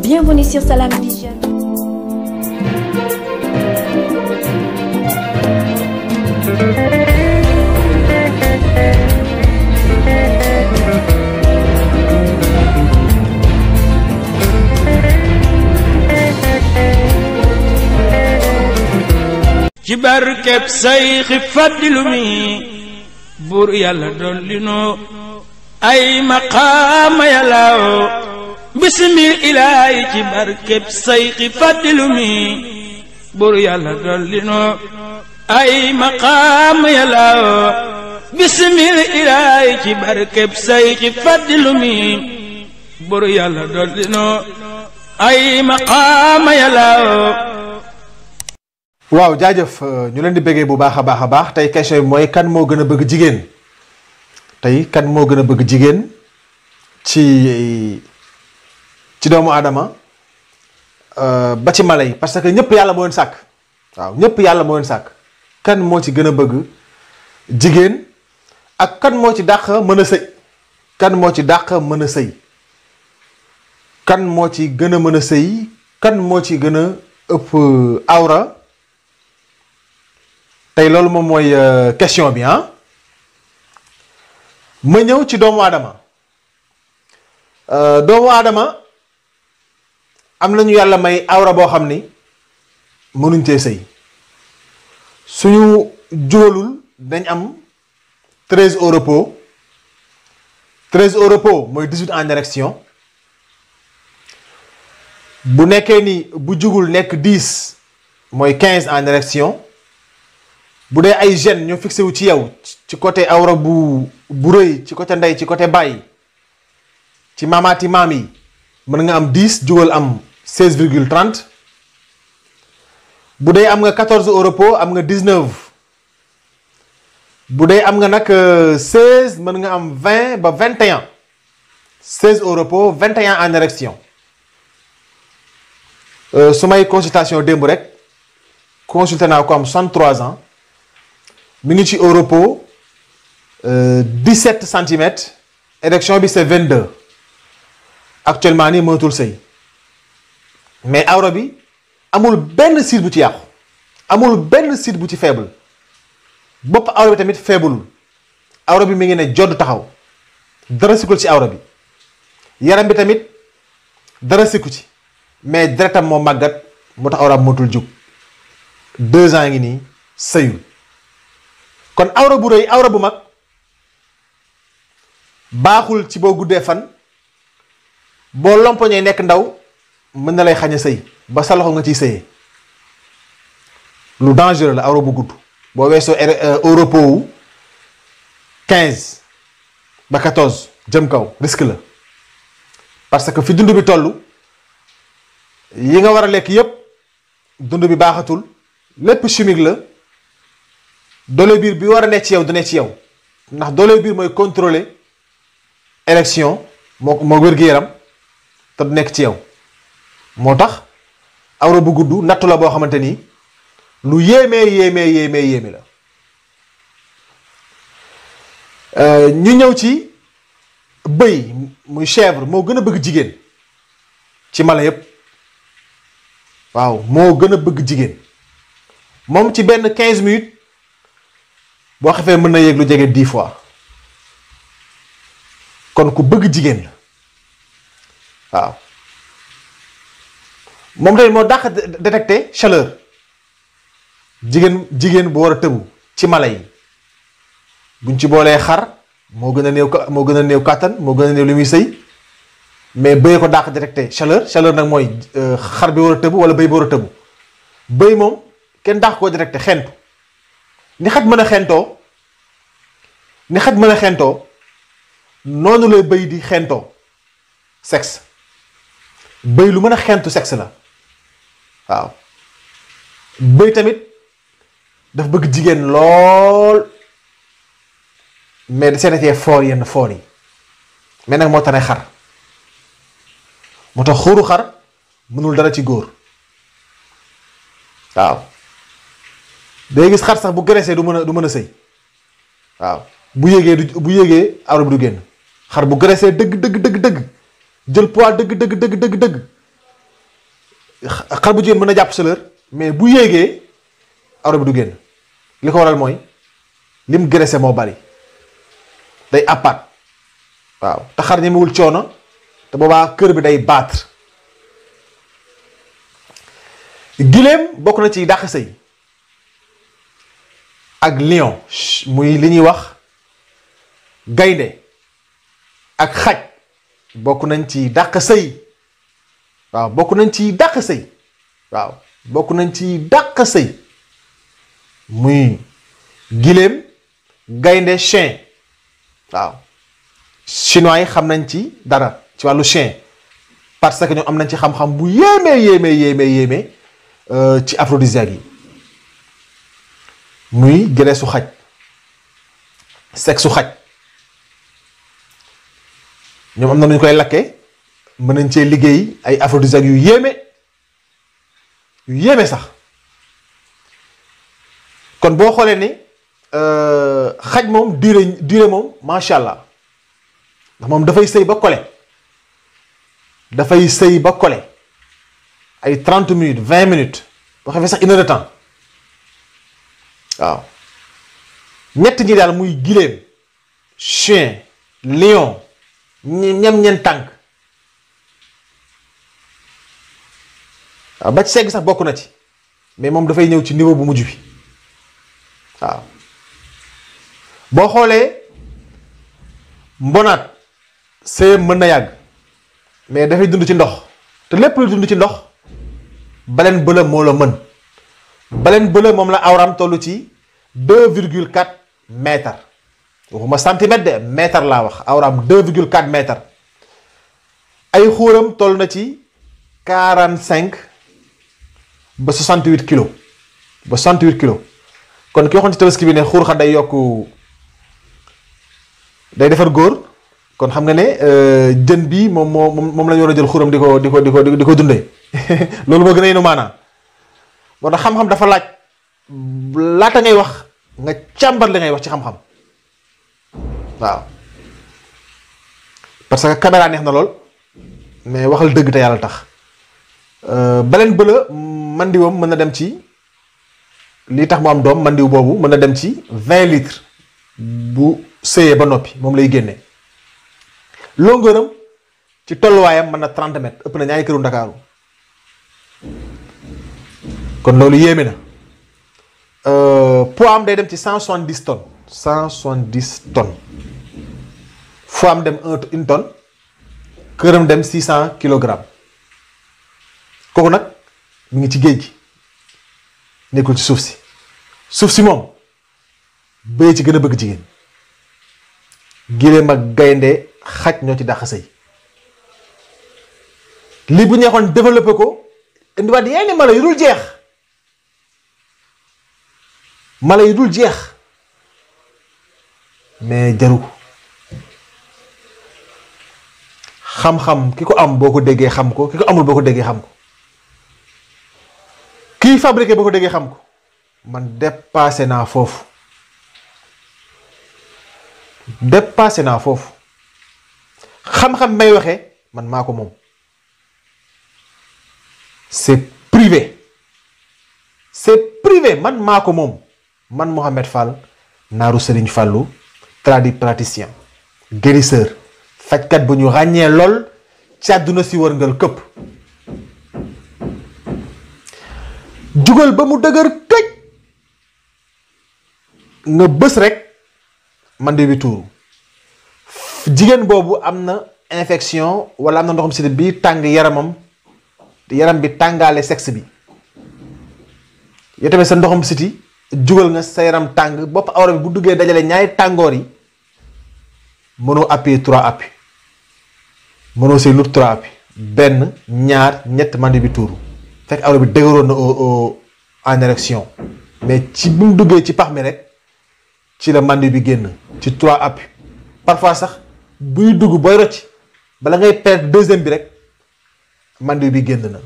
Bienvenue sur Salam Vision. ci barkeb sayxi fàddilu mi buur yàlla dolli noo ay maqaama yàllaaw bisimil ilaahi ci barkeb sayxi fàddilu mi buru yàlla dolli noo ay maqaam yàlla bisimil waaw jaajëf ñu leen di bëggee bu baax a baax a baax tey question bi mooy kan moo gën a bëgg jigéen tey kan moo gën a bëgg jigéen ci ci doomu adama euh, ba ci mala yi parce que ñëpp yàlla moo leen sàkk waaw ñëpp yàlla moo leen sàkk kan moo ci gën a bëgg jigéen ak kan moo ci dàq mën a sëy kan moo ci dàq mën a sëy kan moo ci gën a mën a sëy kan moo ci gën a ëpp euh, awra tey loolu moom mooy euh, question bi ah ma ñëw ci doomu aadama doomu aadama am nañu yàlla may awra boo xam ni mënuñ cee sëy suñu jubalul dañ am treize au repos treize mooy dix en érection bu nekkee ni bu jugul nekk dix mooy quinze en érection bu dee ay gènes ñu fixé wu ci yow ci côté awra bu bu rëy ci côté ndey ci côté bàyyi ci maamaati maam yi mën nga am dix jugal am seize virgule trente bu dee am nga quatorze Europo am nga dix-neuf bu dee am nga nag euh, seize mën nga am vingt ba vingt et un seize au repos vingt et en érection euh, su may consultation démb rek consulté naa ko am soixante-trois ans mi ngi ci au repos euh, dix-sept centimètres érection bi c'est vingt-deux actuellement ni mënatul sëy mais awra bi amul benn site bu ci yàqu amul benn site bu ci faible bopp awra bi tamit faible awra bi mi ngi ne jodd taxaw dara sikkul ci awra bi yaram bi tamit dara sikku ci mais deretam moo màggat moo tax awraam mootul jóg deux ans ngi nii sëyul kon awra bu rëy awra bu mag baaxul ci boo guddee fan boo lompoñee nekk ndaw mën na lay xañ a sëy ba sa loxo nga ci sëyee lu dangereux la awra bu gudd boo weesoo euh, europo wu quinze ba quatorze jëm kaw risque la parce que fi dund bi toll yi nga war a lekk yépp dund bi baaxatul lépp chimique la doole biir bi war a nekk ci yow du nekk ci yow ndax doole biir mooy contrôler élection moo moo wér-gu-yaram te du nekk ci yow moo tax awra bu gudd nattu la boo xamante ni lu yéemee yéemee yéemee yéeme la euh, ñu ñëw ci bëy muy chèvre moo gën a bëgg jigéen ci mala yépp waaw moo gën a bëgg jigéen moom ci benn quinze minutes boo xefee mën na yéeg lu jege dix fois kon ku bëgg jigéen la waaw moom tamit moo dàq détecté chaleur jigéen jigéen bu war a tëbu ci mala yi buñ ci boolee xar moo gën a néew moo gën a néew kàttan moo gën a néew li muy sëy mais bëy ko dàq détecté chaleur chaleur nag mooy euh, xar bi war a tëbu wala bëy bi war a tëbu bëy moom kenn dàq koo détecté xentu ni xaj mën a xentoo ni xaj mën a xentoo noonu lay bëy di xentoo sexe bëy lu mën a xentu sexe la waaw bëy tamit daf bëgg jigéen lool mais seenetee foor yenn foor yi mais nag moo tane xar moo tax xuuru xar mënul dara ci góor waaw day gis xar sax bu gëreesee du mën a du mën a sëy waaw bu yéegee du bu yéegee awra du génn xar bu gëreesee dëgg dëgg dëgg jël poids dëgg dëgg dëgg dëgg dëgg xar bu jigéen mën na jàpp sëlër mais bu yéegee aro bi du génn li ko waral mooy lim graissé moo bari day àppaat waaw te xar ñemewul coono te boobaa kër bi day battre giléem bokk na ci dàq sëy ak lion muy li ñuy wax gaynde ak xaj bokk nañ ci dàq sëy waaw bokk nañ ci dàq sëy waaw bokk nañ ci dàq sëy muy giléem gaynde chien waaw chinois yi xam nañ ci dara ci wàllu chin parce que ñoom am nañ ci xam-xam bu yéeme yéeme yéeme yéeme euh, ci aphrodisiaque yi muy gereesu xaj sexu xaj ñoom am na nu koy lakkee mën nañ cee liggéey ay aphrodisiaques yu yéeme yu yéeme sax kon boo xoolee ni euh, xaj moom durée durée moom macha allah ndax moom dafay sëy ba kole dafay sëy ba kole ay trente minutes vingt minutes boo xamee sax une waaw ñett ñi daal muy gileem chien lion ñem ñen tànk ba ci segg sax bokk na ci mais moom dafay ñëw ci niveau bu mujj bi waaw boo xoolee mbonaat sëyam mën na yàgg mais dafay dund ci ndox te lépp lu dund ci ndox baleen bëla moo la mën baleen bëla moom la awram toll ci deux virgule quatre mètres waxuma centimètre de mètre laa wax awram deux virgule quatre mètres ay xuuram toll na ci quarante cinq ba 68 kilos ba 68 kilo kon ki waxoon ci tabaski bi ne xuur xa day yokk day defar góor kon xam nga ne euh, jën bi moom moo moom lañu war a jël xuram di ko di ko di ko di ko dundee loolu moo gën a yéene maanaa moo tax xam-xam dafa laaj laata ngay wax nga càmbar li ngay wax ci xam-xam waaw parce que caméra neex na lool mais waxal dëgg te yàlla tax. Euh, baleen bëla mandiwam mën na dem ci lii tax mu am doom mandiw boobu mën na dem ci vingt litres bu sëyee ba noppi moom lay génne longueuram ci tolluwaayam mën na trente mètres ëpp na ñaari këru ndakaaru kon loolu yéeme na euh, poids am day dem ci cent soixante dix tonnes cent soixante dix tonnes foo am dem une tonne këram dem six cent kilogrammes kooku nag mu ngi ci géej gi nekkul ci suuf si suuf si moom bëy ci gën a bëgg jigéen giléem ak gaynde xaj ñoo ci dàq sëy lii bu ñeexoon développé ko indiwaat yenn mala yu dul jeex mala yu dul jeex mais jaru xam-xam ki ko am boo ko déggee xam ko ki ko amul boo ko déggee xam ko kii fabriqué ba ko déggee xam ko man dépassé naa foofu dépassé naa foofu xam-xam may waxe man maa ko moom c'est privé c'est privé man maa ko moom man Mouhamed Fall naaru Serigne Fallou tradipraticien guérisseur fajkat bu ñu ràññee lool ci àdduna si wërngal këpp jugal ba mu dëgër toj nga bës rek mande bi tuuru jigéen boobu am na infection wala am na ndoxum sidit bi tàng yaramam yaram bi tàngaale sexe bi yow tamit sa ndoxum siti jugal nga sa yaram tàng bopp awra bi bu duggee dajale ñaari tàngoor yi mënoo appuyer trois appui mënoo sëy lut trois appui benn ñaar ñett mande bi tuuru fekk awra bi dëgëroon na au en érection mais ci bu mu duggee ci pax mi rek ci la màndi bi génn ci trois appuis parfois sax buy dugg booy rocc bala ngay perdre deuxième bi rek màndi bi génn na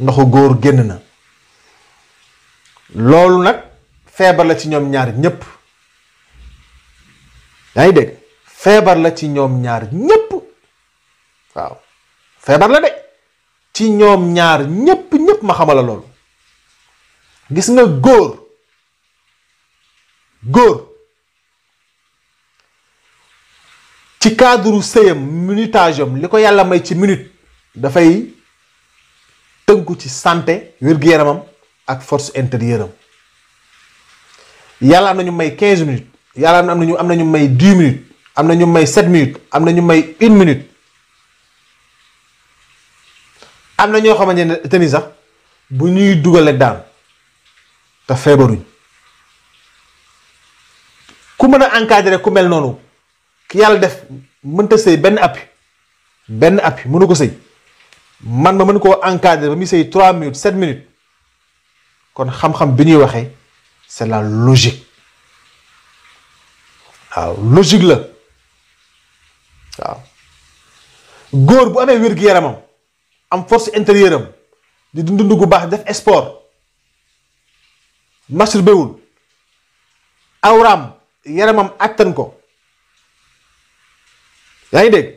ndoxu góor génn na loolu nag feebar la ci ñoom ñaar ñépp yaa ngi dégg feebar la ci ñoom ñaar ñépp waaw feebar la de ci ñoom ñaar ñépp ñépp ma xamala loolu gis nga góor góor ci cadre sëyam minutage am li ko yàlla may ci minute dafay tënku ci sante wér-gu-yaramam ak force intérieure am yàlla am nañu may quinze minutes yàlla am nañu am na ñu may dix minutes am na ñu may sept minutes am na ñu may une minute am na ñoo xamante ne tennis sax bu ñuy dugal rek daan te feebaruñ ku mën a encadrer ku mel noonu ki yàlla def mënta sëy benn appui benn appui mënu ko sëy man ma mën koo encadrer ba muy sëy trois minutes sept minutes kon xam-xam bi ñuy waxee c'est la logique waaw logique la waaw góor bu amee wér-gu-yaramam am force intérieure am di dund gu baax def sport masturbé wul awraam yaramam àttan ko yaa ngi dégg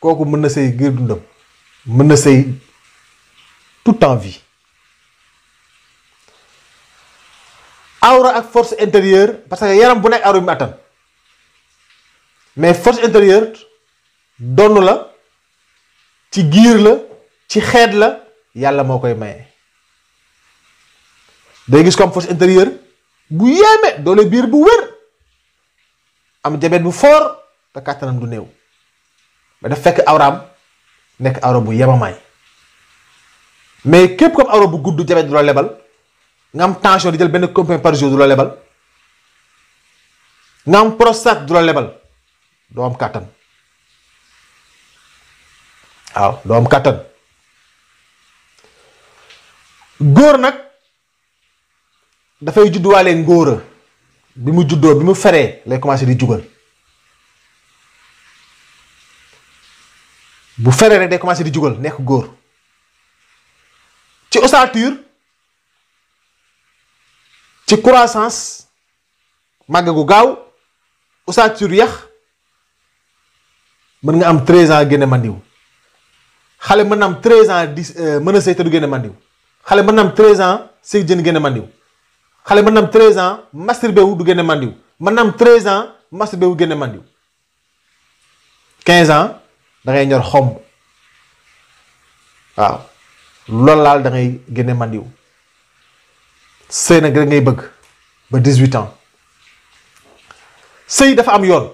kooku mën na sëy ngir dundam mën na sëy tout en vie awra ak force intérieure parce que yaram bu nekk awra bi mais force intérieure donn la ci giir la ci xeet la yàlla moo koy maye day gis ko am force intérieure bu yéeme doole biir bu wér am jabet bu foor te kàttanam du néew ba daf fekk awraam nekk awra bu yemamaay mais képp comme awra bu gudd jabet du la lebal nga am tension di jël benn comprimé par jour du la lebal nga am prostate du la lebal doo am kàttan waaw doo am kàttan góor nag dafay judduwaale ngóora bi mu juddoo bi mu feree lay commencé di jugal bu feree rek day commencé di jugal nekk góor ci ossature ci croissance màgg gu gaaw ossature yax mën nga am 13 ans génne mandiw xale mën na am 13 ans di euh, mën a sëy te du génne mandiw xale mën na am 13 ans sëy jën génne mandiw xale mën na am 13 ans masturbé wu du génne mandiw mën na am 13 ans masturbé wu génne mandiw quinze ans da ngay ñor xomb waaw loolu laal da génne mandiw sëy nag da ngay bëgg ba 18 ans sëy dafa am yoon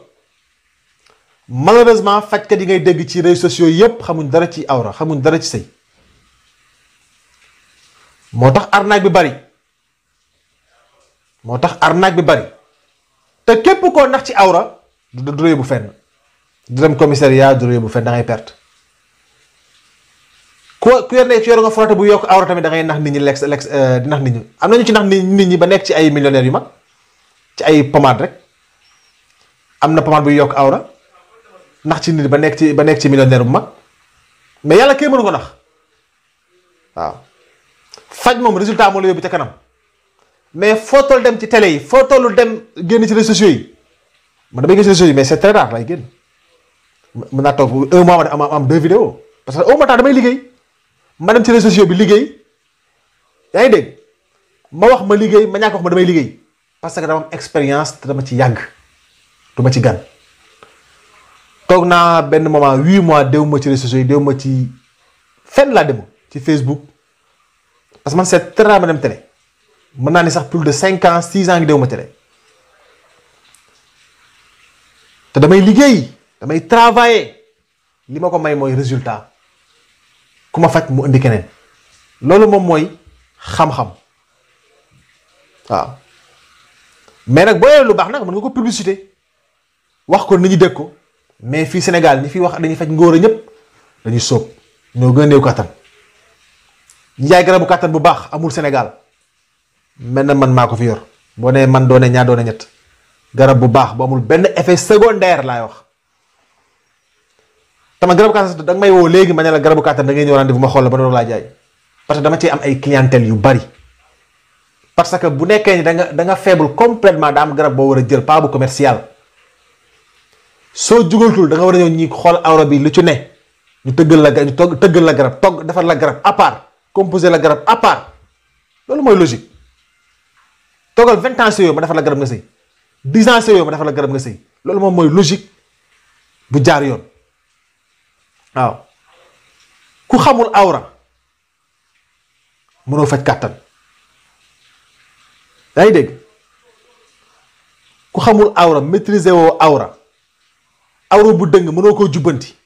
malheureusement fajkat yi ngay dégg ci réseaux sociaux yépp xamuñ dara ci awra xamuñ dara ci sëy moo tax arnaque bi bari moo tax arnaque bi bari te képp koo nax ci awra du du bu fenn du dem commissariat du bu fenn da ngay perte ku ku yor ne ci yor nga frotté bu yokk awra tamit da ngay nax nit ñi lex lex euh, di nax nit ñi am nañu ci nax nit ñi ba nekk ci ay millionnaires yu mag ci ay pommade rek am na pommade bu yokk awra nax ci nit ba nekk ci ba nekk ci millionnaire bu mag mais yàlla kay mënu ko nax waaw faj moom résultat moo la yóbbu ca kanam mais foo toll dem ci télé yi foo tollu dem génn ci réseaux sociaux yi man damay génn ci réseaux yi mais c'est très rare lay génn mën naa toog un mois ma am deux vidéos parce que au matin damay liggéey ma dem ci réseaux bi liggéey yaa ngi ma wax ma liggéey ma ñàkk wax ma damay liggéey parce que dama expérience te dama ci yàgg du ma ci gan toog naa benn moment huit mois déw ma ci réseaux sociaux yi déw ma ci fen laa dem ci Facebook. parce que man c'est très mën naa ni sax plus de cinq ans six ans ngi déw te damay liggéey damay travailler li ma ko may mooy résultat ku ma faj mu indi keneen loolu moom mooy xam-xam waaw mais nag boo lu baax nag mën nga ko publicité wax ko nit ñi dégg ko mais fii Sénégal ñi fi wax dañuy faj ngóor a ñëpp dañuy soob ñoo gën a néew kattan di jaay garabu kàttan bu baax amul Sénégal mel na man maa ko fi yor boo nee man doone ñaar doone ñett garab bu baax bu amul benn effet secondaire laay wax tama garabu kàttan da nga may woo léegi ma ne la garabu kàttan da ngay ñëw rendez-vous ma xool la ba noonu laa jaay parce que dama ci am ay clientèle yu bari parce que bu nekkee ni da nga da nga faible complètement da am garab boo war a jël pas bu commercial soo jugatul da nga war a ñëw ñii xool awra bi lu ci ne ñu tëggal la ñu tëggal la garab togg defar la garab à composé la garab à part loolu mooy logique toogal vingt ans sëyoo ma defal la garab nga sëy dix ans sëyoo ma defal la garab nga sëy loolu moom mooy logique bu jaar yoon waaw ku xamul awra mënoo faj kàttan yaa ngi dégg ku xamul awra maîtriser woo awra awra bu dëng mënoo koo jubbanti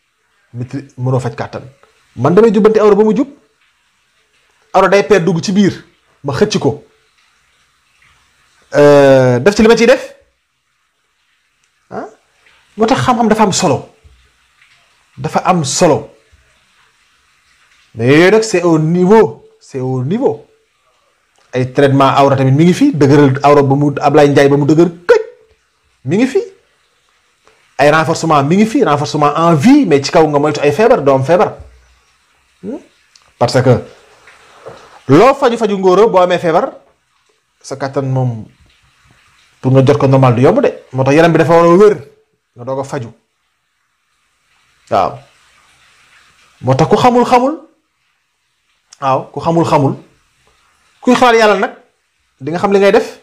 maîtrise mënoo faj kàttan man damay jubbanti awra ba mu jub aro day peer dugg ci biir ma xëcc ko euh, def ci li ma ciy def ah moo tax xam-xam dafa am solo dafa am solo mais yooyu nag c'est au niveau c'est au niveau ay traitement awra tamit mi ngi fi dëgëral awra ba mu Ablaye Ndiaye ba mu dëgër këj mi ngi fi ay renforcement mi ngi fi renforcement en vie mais ci kaw nga moytu ay feebar doom feebar hmm? parce que loo faju faju ngóora boo amee feebar sa kàttan moom pour nga jot ko normal du yomb de moo tax yaram bi dafa war a wér nga doog a faju waaw moo tax ku xamul xamul waaw ku xamul xamul kuy xalaat yàlla nag di nga xam li ngay def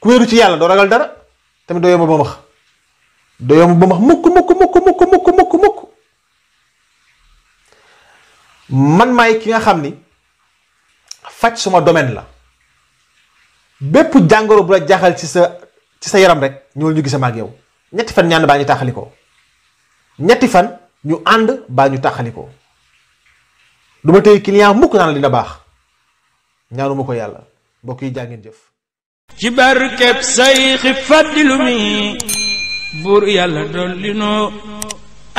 ku wéeru ci yàlla doo ragal dara tamit doo yomb ba max doo yomb ba max mukk mukk mukk mukk mukk mukk mukk man maay ki nga xam ni faj suma domaine la bépp jàngoro bu la jaaxal ci sa ci sa yaram rek ñoo ñu gis ma ak yow ñetti fan ñu ànd baa ñu tàqalikoo ñetti fan ñu ànd baa ñu tàqalikoo du ma tey mukk naan la dina baax ñaanuma ko yàlla mbokk jàngeen jëf ci barkeb sayxi fàddilu mi buur yàlla dolli noo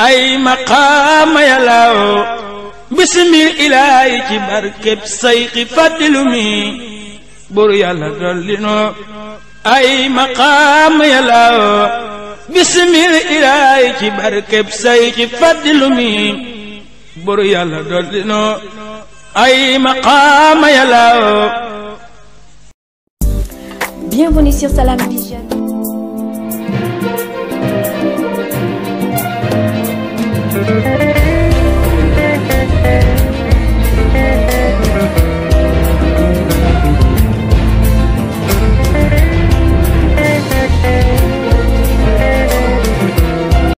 ay maqaama yàllaaw bisimil ilaahi ci barkeb sayxi fàddilu mi buru yàlla dolli noo ay maqaam yàlla bisimil ilaahi ci barkeb sayxi fàddilu mi buru dolli noo ay maqaam yàlla